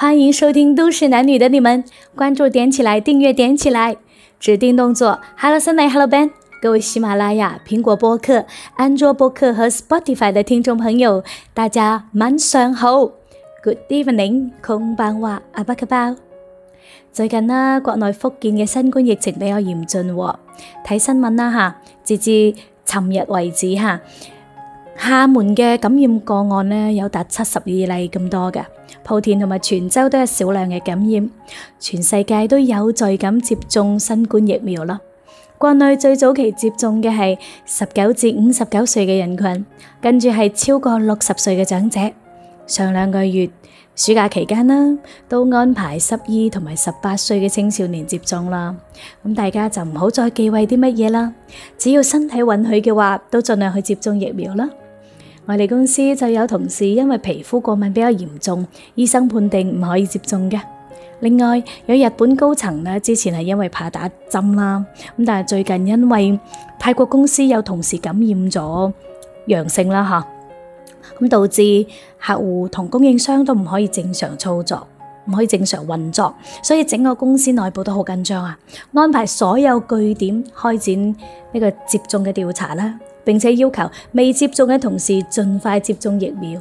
歡迎收聽都市男女的你們，關注點起來，訂閱點起來，指定動作。Hello，Sammy，Hello Hello, Ben，各位喜馬拉雅、蘋果播客、安卓播客和 Spotify 的聽眾朋友，大家晚上好。Good evening，空班哇 a 阿巴克包。最近呢，國內福建嘅新冠疫情比較嚴峻喎，睇新聞啦吓，截至尋日為止吓。廈門嘅感染個案呢，有達七十二例咁多㗎。莆田同埋泉州都有少量嘅感染。全世界都有序咁接種新冠疫苗囉。國內最早期接種嘅係十九至五十九歲嘅人群，跟住係超過六十歲嘅長者。上兩個月暑假期間啦，都安排十二同埋十八歲嘅青少年接種啦。咁大家就唔好再忌諱啲乜嘢啦，只要身體允許嘅話，都盡量去接種疫苗啦。我哋公司就有同事因為皮膚過敏比較嚴重，醫生判定唔可以接種嘅。另外有日本高層啊，之前係因為怕打針啦，咁但係最近因為泰國公司有同事感染咗陽性啦，吓、啊、咁導致客戶同供應商都唔可以正常操作，唔可以正常運作，所以整個公司內部都好緊張啊，安排所有據點開展呢個接種嘅調查啦。並且要求未接種嘅同事盡快接種疫苗。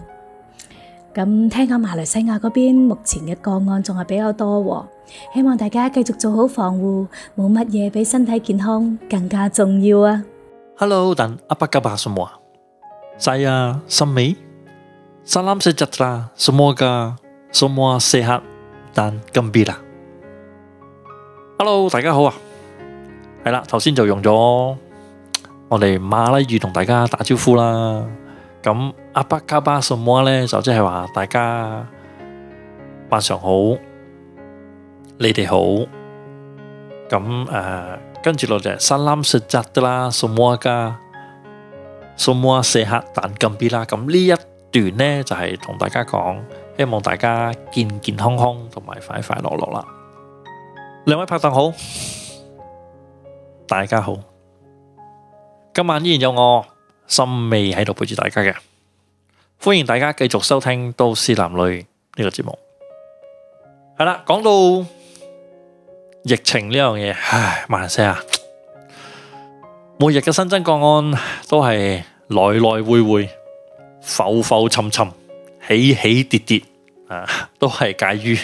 咁聽下馬來西亞嗰邊目前嘅個案仲係比較多喎，希望大家繼續做好防護，冇乜嘢比身體健康更加重要啊！Hello，但阿伯加巴什莫，Saya semai, salam sejahtera, semua, semua sehat dan gembira。Hello，大家好啊，係啦，頭先就用咗。我哋馬拉語同大家打招呼啦，咁阿巴卡巴什麼呢就即係話大家晚上好，你哋好，咁誒跟住落嚟沙拉什扎的啦，什麼家，什麼四客但金邊啦，咁呢一段呢就係同大家講，希望大家健健康康同埋快快樂樂啦，兩位拍檔好，大家好。今晚依然有我森美喺度陪住大家嘅，歡迎大家繼續收聽都市男女呢個節目。係啦，講到疫情呢樣嘢，唉，慢些啊！每日嘅新增個案都係來來回回、浮浮沉沉、起起跌跌啊，都係介於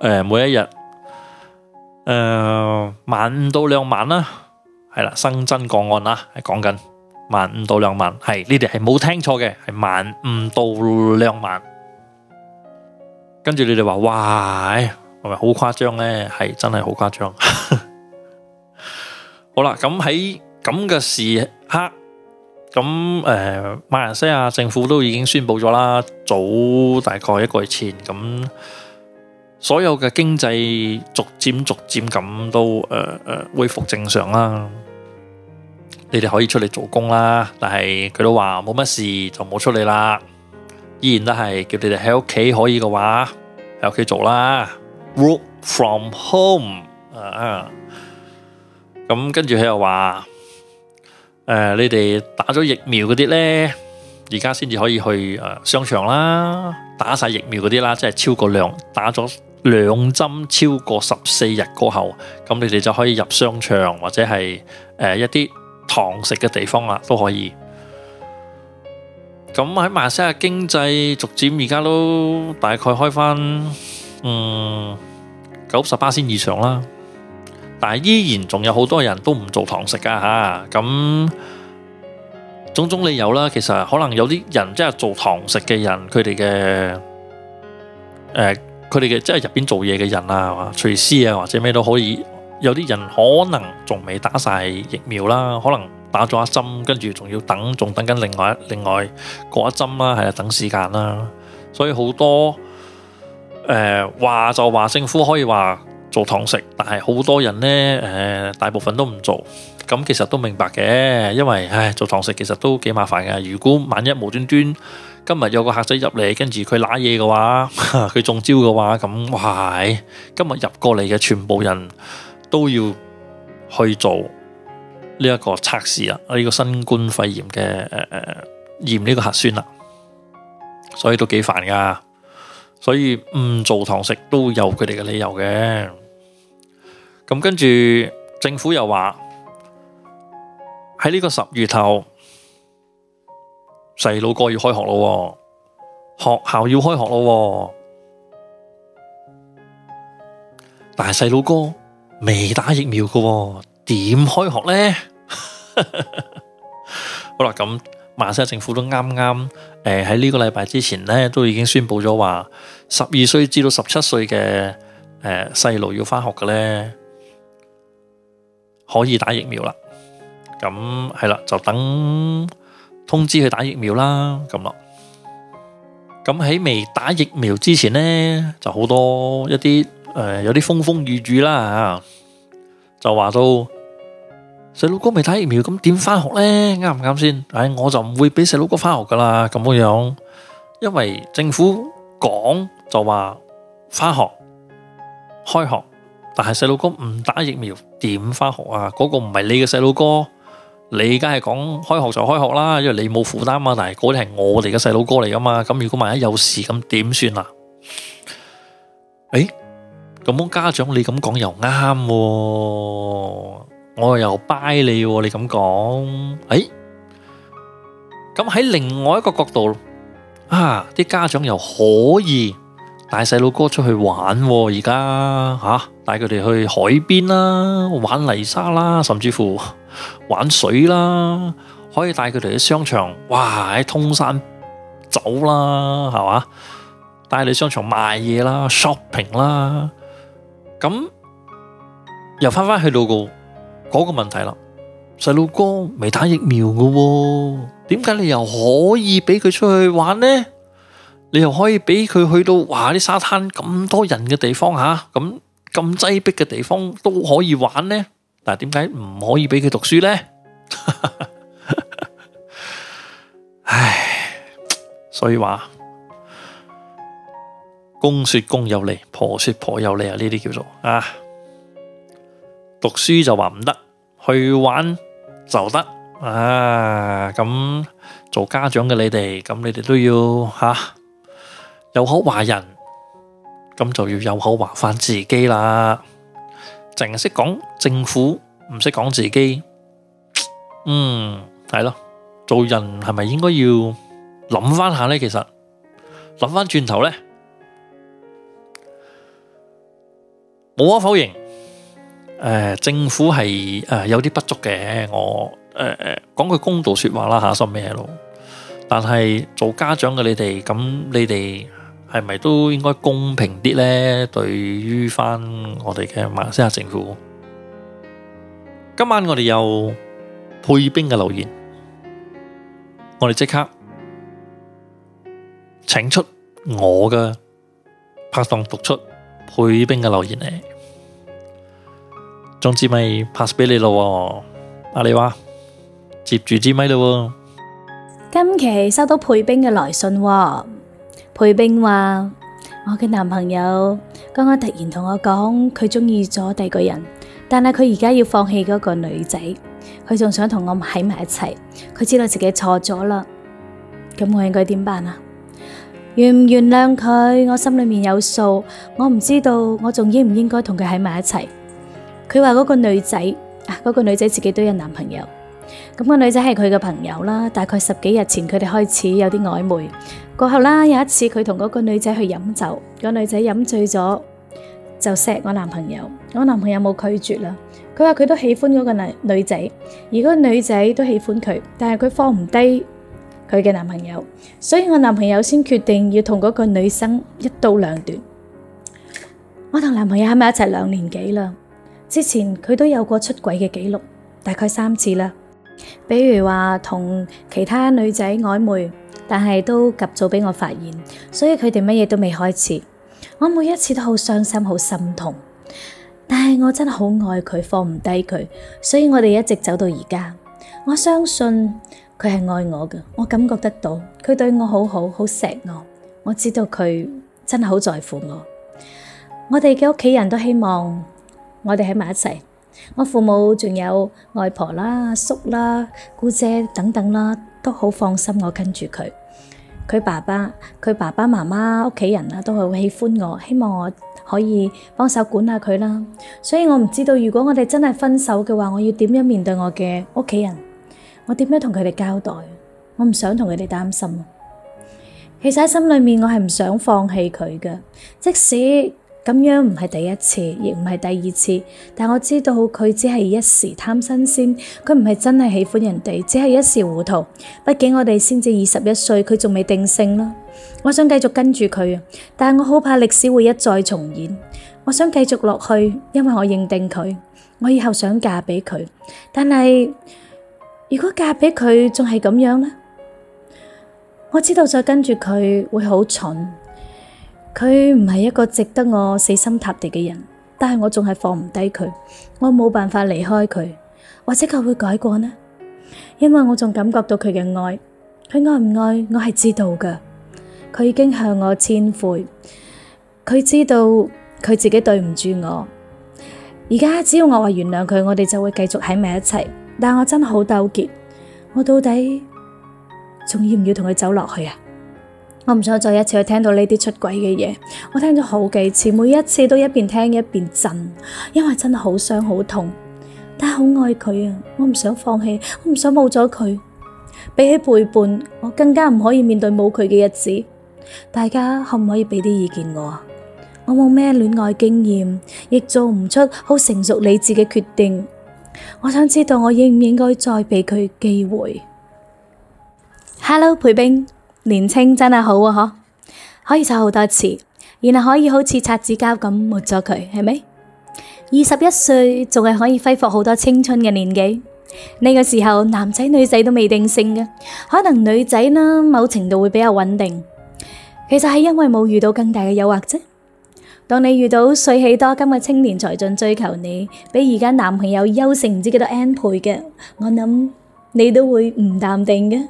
誒每一日誒萬到兩萬啦。係啦，新增個案啦，係講緊萬五到兩萬，係呢啲係冇聽錯嘅，係萬五到兩萬。跟住你哋話哇，係咪好誇張咧？係真係好誇張。好啦，咁喺咁嘅時刻，咁誒，馬來西亞政府都已經宣布咗啦，早大概一個月前，咁所有嘅經濟逐漸逐漸咁都誒誒恢復正常啦。你哋可以出嚟做工啦，但係佢都話冇乜事就唔好出嚟啦，依然都係叫你哋喺屋企可以嘅話喺屋企做啦，work from home 咁、啊嗯、跟住佢又話，誒、呃，你哋打咗疫苗嗰啲咧，而家先至可以去誒、呃、商場啦，打晒疫苗嗰啲啦，即係超過兩打咗兩針超過十四日過後，咁你哋就可以入商場或者係誒、呃、一啲。堂食嘅地方啊，都可以。咁喺馬來西亞經濟逐漸而家都大概開翻嗯九十八先以上啦，但係依然仲有好多人都唔做堂食噶吓、啊，咁種種理由啦。其實可能有啲人即係做堂食嘅人，佢哋嘅誒，佢哋嘅即係入邊做嘢嘅人啊，嘛廚師啊，或者咩都可以。有啲人可能仲未打曬疫苗啦，可能打咗一針，跟住仲要等，仲等緊另外另外嗰一針啦，係啊，等時間啦。所以好多誒話就話政府可以話做堂食，但係好多人咧誒，大部分都唔做。咁其實都明白嘅，因為唉做堂食其實都幾麻煩嘅。如果萬一無端端今日有個客仔入嚟，跟住佢攬嘢嘅話，佢中招嘅話，咁哇係今日入過嚟嘅全部人。都要去做呢一個測試啊！呢個新冠肺炎嘅，誒誒驗呢個核酸啦，所以都幾煩噶。所以唔做堂食都有佢哋嘅理由嘅。咁跟住政府又話喺呢個十月頭，細佬哥要開學咯，學校要開學咯，但係細佬哥。未打疫苗嘅點開學咧？好啦，咁馬西亞政府都啱啱誒喺呢個禮拜之前咧都已經宣布咗話，十二歲至到十七歲嘅誒細路要翻學嘅咧，可以打疫苗啦。咁係啦，就等通知去打疫苗啦。咁啦，咁喺未打疫苗之前咧就好多一啲誒有啲風風雨雨啦啊！就話到細佬哥未打疫苗，咁點翻學呢？啱唔啱先？哎，我就唔會俾細佬哥翻學噶啦，咁樣樣，因為政府講就話翻學開學，但係細佬哥唔打疫苗點翻學啊？嗰個唔係你嘅細佬哥，你梗係講開學就開學啦，因為你冇負擔啊。但係嗰啲係我哋嘅細佬哥嚟噶嘛？咁如果萬一有事咁點算啊？誒？咁家長你咁講又啱，我又拜你，你咁講，誒，咁喺另外一個角度，啊，啲家長又可以帶細路哥出去玩，而家吓帶佢哋去海邊啦，玩泥沙啦，甚至乎玩水啦，可以帶佢哋去商場，哇，喺通山走啦，係嘛，帶你去商場買嘢啦，shopping 啦。咁又翻翻去到個嗰個問題啦，細路哥未打疫苗噶，點解你又可以俾佢出去玩呢？你又可以俾佢去到哇啲沙灘咁多人嘅地方吓，咁咁擠迫嘅地方都可以玩呢？但係點解唔可以俾佢讀書呢？ 唉，所以話。公說公有理，婆說婆有理啊。呢啲叫做啊，讀書就話唔得，去玩就得啊。咁做家長嘅你哋，咁你哋都要吓有口話人，咁就要有口話翻自己啦。淨係識講政府，唔識講自己，嗯係咯。做人係咪應該要諗翻下咧？其實諗翻轉頭咧。冇可否認，誒，政府係誒有啲不足嘅，我誒講句公道說話啦吓，心咩咯？但係做家長嘅你哋，咁你哋係咪都應該公平啲咧？對於翻我哋嘅馬來西亞政府，今晚我哋有佩冰嘅留言，我哋即刻請出我嘅拍檔讀出佩冰嘅留言咧。總之咪 pass 俾你咯，阿你話接住支咪咯。今期收到佩冰嘅來信，哦，佩冰話：我嘅男朋友剛剛突然同我講，佢中意咗第二個人，但係佢而家要放棄嗰個女仔，佢仲想同我喺埋一齊，佢知道自己錯咗啦。咁我應該點辦啊？原唔原諒佢，我心裏面有數。我唔知道，我仲應唔應該同佢喺埋一齊？佢話嗰個女仔啊，嗰、嗰個女仔自己都有男朋友，咁、個女仔係佢嘅朋友啦。大概十幾日前，佢哋開始有啲曖昧。過後啦，有一次佢同嗰個女仔去飲酒，個女仔飲醉咗就錫我男朋友。我男朋友冇拒絕啦。佢話佢都喜歡嗰個女女仔，而嗰個女仔都喜歡佢，但係佢放唔低佢嘅男朋友，所以我男朋友先決定要同嗰個女生一刀兩斷。我同男朋友喺埋一齊兩年幾啦。之前佢都有過出軌嘅記錄，大概三次啦。比如話同其他女仔曖昧，但係都及早畀我發現，所以佢哋乜嘢都未開始。我每一次都好傷心，好心痛。但係我真係好愛佢，放唔低佢，所以我哋一直走到而家。我相信佢係愛我嘅，我感覺得到佢對我好好，好錫我。我知道佢真係好在乎我。我哋嘅屋企人都希望，我哋喺埋一齊，我父母仲有外婆啦、叔啦、姑姐等等啦，都好放心我跟住佢。佢爸爸、佢爸爸媽媽屋企人呀，都好喜歡我，希望我可以幫手管下佢啦。所以我唔知道，如果我哋真係分手嘅話，我要點樣面對我嘅屋企人？我點樣同佢哋交代？我唔想同佢哋擔心。其實喺心裏面，我係唔想放棄佢嘅，即使咁樣唔係第一次，亦唔係第二次，但我知道佢只係一時貪新鮮，佢唔係真係喜歡人哋，只係一時糊塗。畢竟我哋先至二十一歲，佢仲未定性囉。我想繼續跟住佢，但係我好怕歷史會一再重演。我想繼續落去，因為我認定佢，我以後想嫁畀佢。但係如果嫁畀佢，仲係咁樣呢？我知道再跟住佢會好蠢。佢唔係一個值得我死心塌地嘅人，但係我仲係放唔低佢，我冇辦法離開佢，或者佢會改過呢？因為我仲感覺到佢嘅愛，佢愛唔愛我係知道㗎，佢已經向我懺悔，佢知道佢自己對唔住我，而家只要我話原諒佢，我哋就會繼續喺埋一齊，但我真好糾結，我到底仲要唔要同佢走落去啊？我唔想再一次去聽到呢啲出軌嘅嘢，我聽咗好幾次，每一次都一邊聽一邊震，因為真係好傷好痛，但係好愛佢啊！我唔想放棄，我唔想冇咗佢。比起背叛，我更加唔可以面對冇佢嘅日子。大家可唔可以畀啲意見我？我冇咩戀愛經驗，亦做唔出好成熟理智嘅決定。我想知道我應唔應該再畀佢機會？Hello，佩冰。.年青真係好喎，嗬，可以刷好多次，然後可以好似擦子膠咁抹咗佢，係咪？二十一歲仲係可以揮霍好多青春嘅年紀，呢、這個時候男仔女仔都未定性嘅，可能女仔呢某程度會比較穩定，其實係因為冇遇到更大嘅誘惑啫。當你遇到帥氣多金嘅青年才俊追求你，比而家男朋友優勝唔知幾多 N 倍嘅，我諗你都會唔淡定嘅。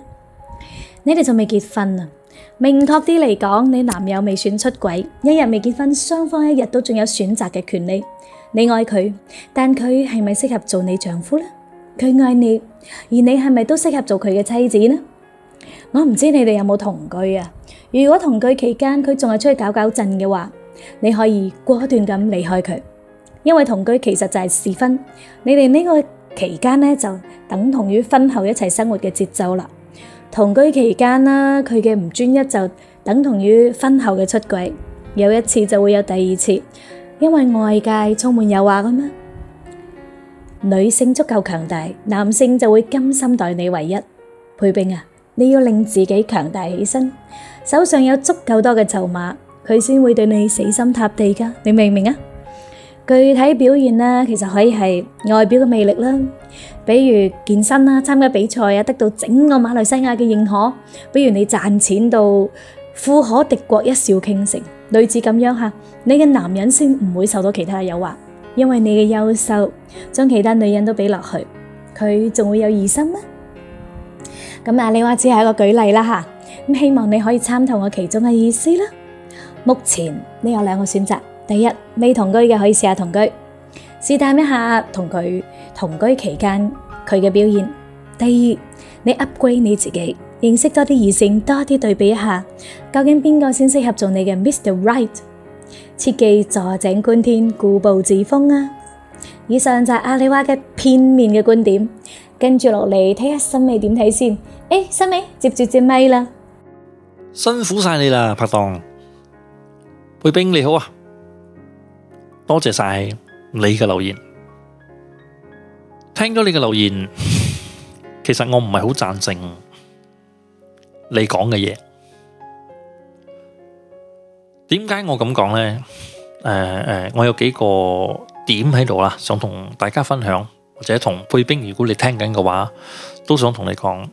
你哋仲未結婚啊？明確啲嚟講，你男友未選出軌，一日未結婚，雙方一日都仲有選擇嘅權利。你愛佢，但佢係咪適合做你丈夫呢？佢愛你，而你係咪都適合做佢嘅妻子呢？我唔知你哋有冇同居啊？如果同居期間佢仲係出去搞搞震嘅話，你可以果斷咁離開佢，因為同居其實就係試婚。你哋呢個期間呢，就等同於婚後一齊生活嘅節奏啦。同居期間，具體表現呢，其實可以係外表嘅魅力啦，比如健身啦，參加比賽啊，得到整個馬來西亞嘅認可，比如你賺錢到富可敵國，一笑傾城，類似咁樣吓，你嘅男人先唔會受到其他嘅誘惑，因為你嘅優秀，將其他女人都比落去，佢仲會有疑心咩？咁啊，你話只係一個舉例啦吓，希望你可以參透我其中嘅意思啦。目前你有兩個選擇。第一，未同居嘅可以試下同居，試探一下同佢同居期間佢嘅表現。第二，你 upgrade 你自己，認識多啲異性，多啲對比一下，究竟邊個先適合做你嘅 Mr. Right？切忌坐井觀天、固步自封啊！以上就係阿里話嘅片面嘅觀點。跟住落嚟睇下新美點睇先。誒，新美接住隻麥啦，辛苦晒你啦，拍檔，佩冰你好啊！多謝晒你嘅留言，聽咗你嘅留言，其實我唔係好贊成你講嘅嘢。點解我咁講咧？誒、呃、誒，我有幾個點喺度啦，想同大家分享，或者同佩冰，如果你聽緊嘅話，都想同你講，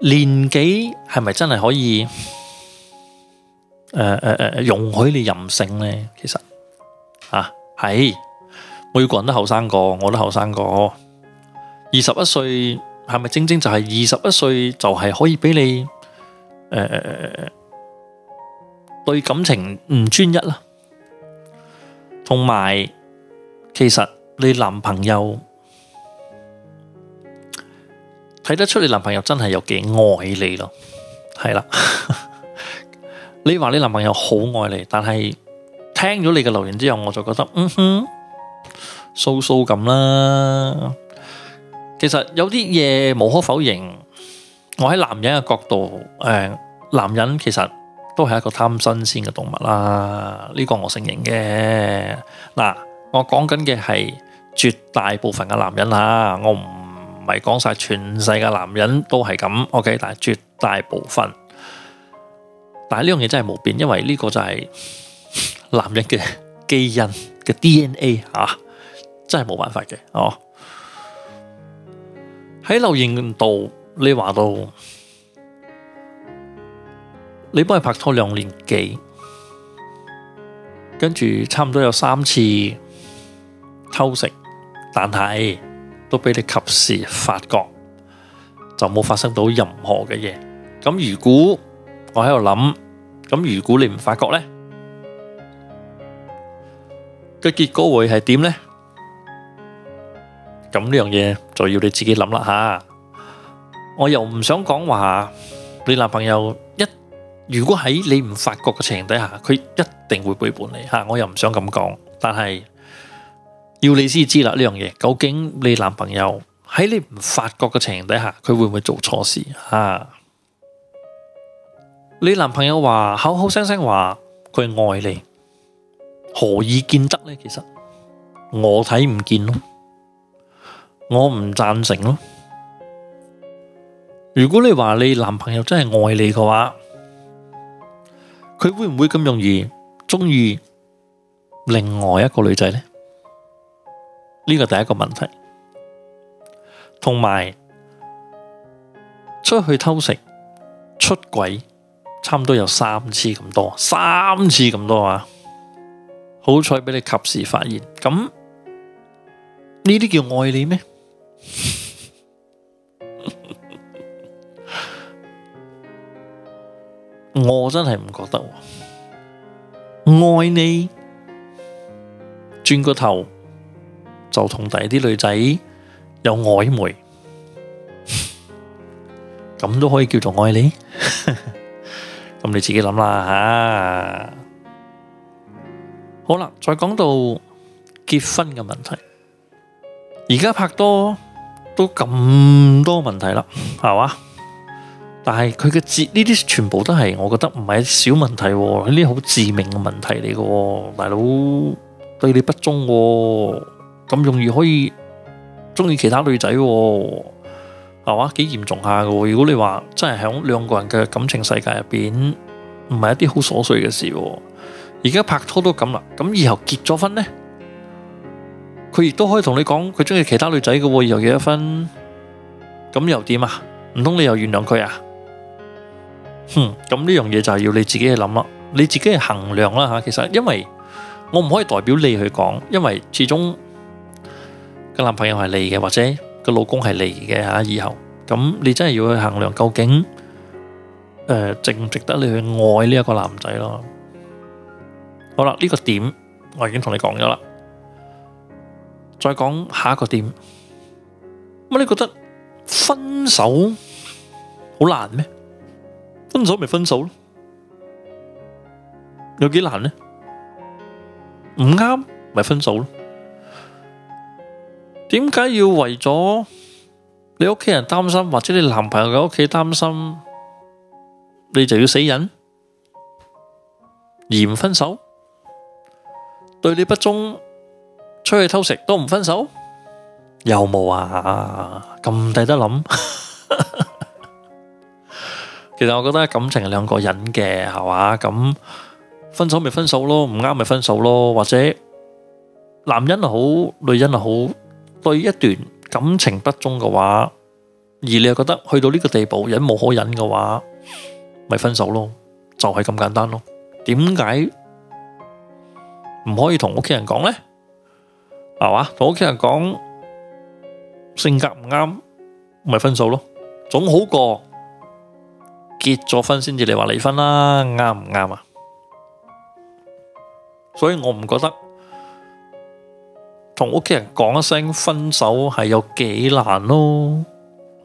年紀係咪真係可以？誒誒誒，容許你任性咧，其實啊，係每個人都後生過，我都後生過。二十一歲係咪正正就係二十一歲就係可以俾你誒、呃呃？對感情唔專一啦，同埋其實你男朋友睇得出你男朋友真係有幾愛你咯，係啦。 你話你男朋友好愛你，但係聽咗你嘅留言之後，我就覺得嗯哼，騷騷咁啦。其實有啲嘢，無可否認，我喺男人嘅角度，誒、呃，男人其實都係一個貪新鮮嘅動物啦。呢個我承認嘅。嗱，我講緊嘅係絕大部分嘅男人吓，我唔係講晒全世界男人都係咁，OK，但係絕大部分。但係呢樣嘢真係冇變，因為呢個就係男人嘅基因嘅 DNA 啊，真係冇辦法嘅哦。喺留言度你話到，你幫佢拍拖兩年幾，跟住差唔多有三次偷食，但係都俾你及時發覺，就冇發生到任何嘅嘢。咁如果，我喺度諗，咁如果你唔發覺咧，個結果會係點咧？咁呢樣嘢就要你自己諗啦吓。我又唔想講話你男朋友一如果喺你唔發覺嘅情形底下，佢一定會背叛你吓。我又唔想咁講，但係要你先知啦呢樣嘢。究竟你男朋友喺你唔發覺嘅情形底下，佢會唔會做錯事吓？你男朋友話口口聲聲話佢愛你，何以見得呢？其實我睇唔見咯，我唔贊成咯。如果你話你男朋友真係愛你嘅話，佢會唔會咁容易鍾意另外一個女仔呢？呢個第一個問題，同埋出去偷食、出軌。差唔多有三次咁多，三次咁多啊！好彩俾你及時發現，咁呢啲叫愛你咩？我真係唔覺得，愛你轉個頭就同第啲女仔有曖昧，咁都可以叫做愛你？咁你自己諗啦吓、啊，好啦，再講到結婚嘅問題，而家拍拖都咁多問題啦，係嘛？但係佢嘅節呢啲全部都係，我覺得唔係小問題喎，呢啲好致命嘅問題嚟嘅喎，大佬對你不忠喎，咁容易可以中意其他女仔喎。係嘛，嗯，幾嚴重下㗎？如果你話真係響兩個人嘅感情世界入面，唔係一啲好瑣碎嘅事。而家拍拖都咁啦，咁以後結咗婚呢？佢亦都可以同你講佢中意其他女仔㗎喎，以後又結咗婚，咁又點啊？唔通你又原諒佢啊？哼，咁呢樣嘢就係要你自己去諗啦，你自己去衡量啦。其實因為我唔可以代表你去講，因為始終嘅男朋友係你嘅，或者。個老公係你嘅吓，以後咁你真係要去衡量究竟誒值唔值得你去愛呢一個男仔咯？好啦，呢個點我已經同你講咗啦。再講下一個點，咁你覺得分手好難咩？分手咪分手咯，有幾難咧？唔啱咪分手咯。點解要為咗你屋企人擔心，或者你男朋友嘅屋企擔心，你就要死忍而唔分手？對你不忠，出去偷食都唔分手，有冇啊？咁抵得諗？其實我覺得感情係兩個人嘅，係嘛？咁分手咪分手咯，唔啱咪分手咯，或者男人又好，女人又好。對一段感情不忠嘅話，而你又覺得去到呢個地步忍無可忍嘅話，咪分手咯，就係咁簡單咯。點解唔可以同屋企人講咧？係嘛，同屋企人講性格唔啱，咪分手咯，總好過結咗婚先至你話離婚啦，啱唔啱啊？所以我唔覺得。同屋企人講一聲分手係有幾難咯，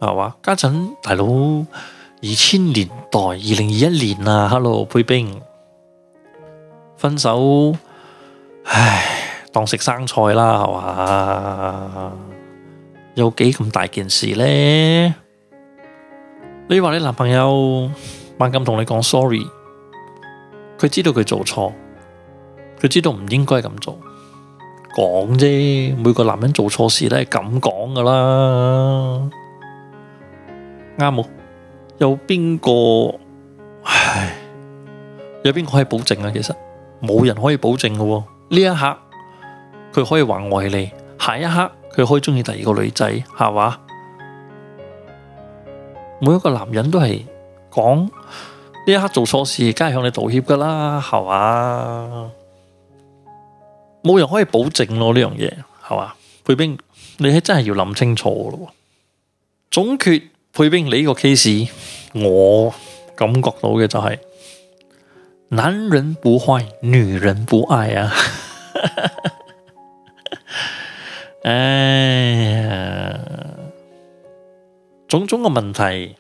係嘛？家陣大佬二千年代二零二一年啊，Hello 佩冰，分手，唉，當食生菜啦，係嘛？有幾咁大件事咧？你話你男朋友猛咁同你講 sorry，佢知道佢做錯，佢知道唔應該咁做。講啫，每個男人做錯事都係咁講噶啦，啱冇吧？有邊個？唉，有邊個可以保證啊？其實冇人可以保證噶、啊。呢一刻佢可以話愛你，下一刻佢可以中意第二個女仔，係嘛？每一個男人都係講呢一刻做錯事，梗係向你道歉噶啦，係嘛？冇人可以保證咯呢樣嘢，係嘛？佩冰，你係真係要諗清楚咯。總結，佩冰，你呢個 case，我感覺到嘅就係男人不壞，女人不愛啊。哎呀，種種嘅問題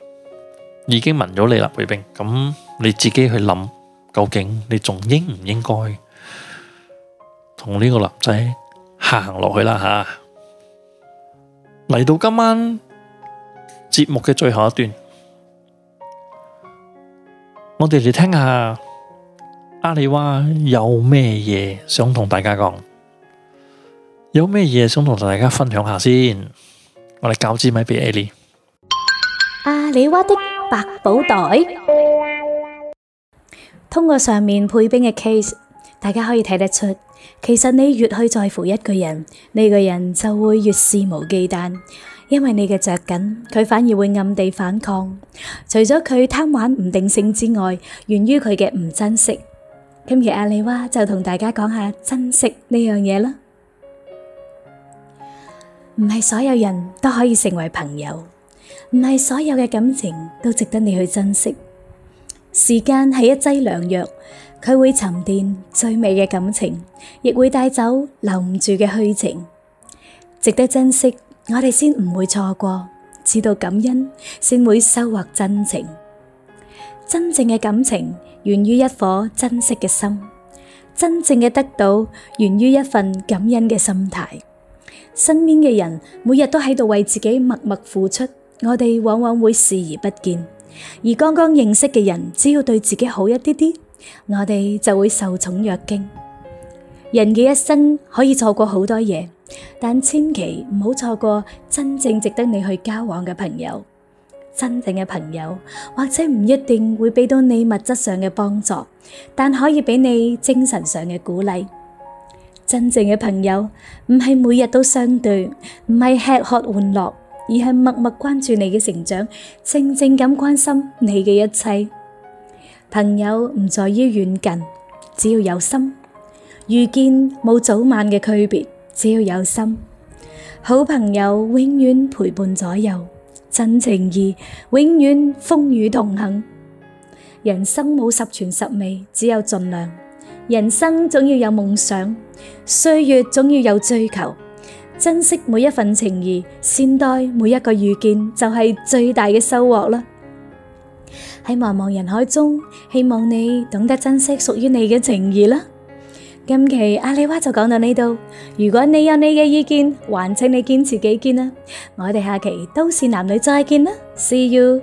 已經問咗你啦，佩冰。咁你自己去諗，究竟你仲應唔應該？同呢個男仔行落去啦吓，嚟到今晚節目嘅最後一段，我哋嚟聽下阿里娃有咩嘢想同大家講，有咩嘢想同大家分享下先，我哋教支咪俾阿麗。阿里娃的百寶袋，通過上面佩冰嘅 case。大家可以睇得出，其實你越去在乎一個人，呢個人就會越肆無忌憚，因為你嘅着緊，佢反而會暗地反抗。除咗佢貪玩唔定性之外，源於佢嘅唔珍惜。今日阿麗娃就同大家講下珍惜呢樣嘢啦。唔係所有人都可以成為朋友，唔係所有嘅感情都值得你去珍惜。時間係一劑良藥。佢會沉澱最美嘅感情，亦會帶走留唔住嘅虛情，值得珍惜，我哋先唔會錯過，知道感恩先會收穫真情。真正嘅感情源於一顆珍惜嘅心，真正嘅得到源於一份感恩嘅心態。身邊嘅人每日都喺度為自己默默付出，我哋往往會視而不見。而剛剛認識嘅人，只要對自己好一啲啲，我哋就會受寵若驚。人嘅一生可以錯過好多嘢，但千祈唔好錯過真正值得你去交往嘅朋友。真正嘅朋友，或者唔一定會俾到你物質上嘅幫助，但可以俾你精神上嘅鼓勵。真正嘅朋友，唔係每日都相對，唔係吃喝玩樂，而係默默關注你嘅成長，靜靜咁關心你嘅一切。朋友唔在於遠近，只要有心，遇見冇早晚嘅區別，只要有心，好朋友永遠陪伴左右，真情誼永遠風雨同行。人生冇十全十美，只有盡量。人生總要有夢想，歲月總要有追求，珍惜每一份情誼，善待每一個遇見，就係最大嘅收穫啦。喺茫茫人海中，希望你懂得珍惜屬於你嘅情誼啦。今期阿里娃就講到呢度，如果你有你嘅意見，還請你堅持己見啦。我哋下期都市男女再見啦，See you。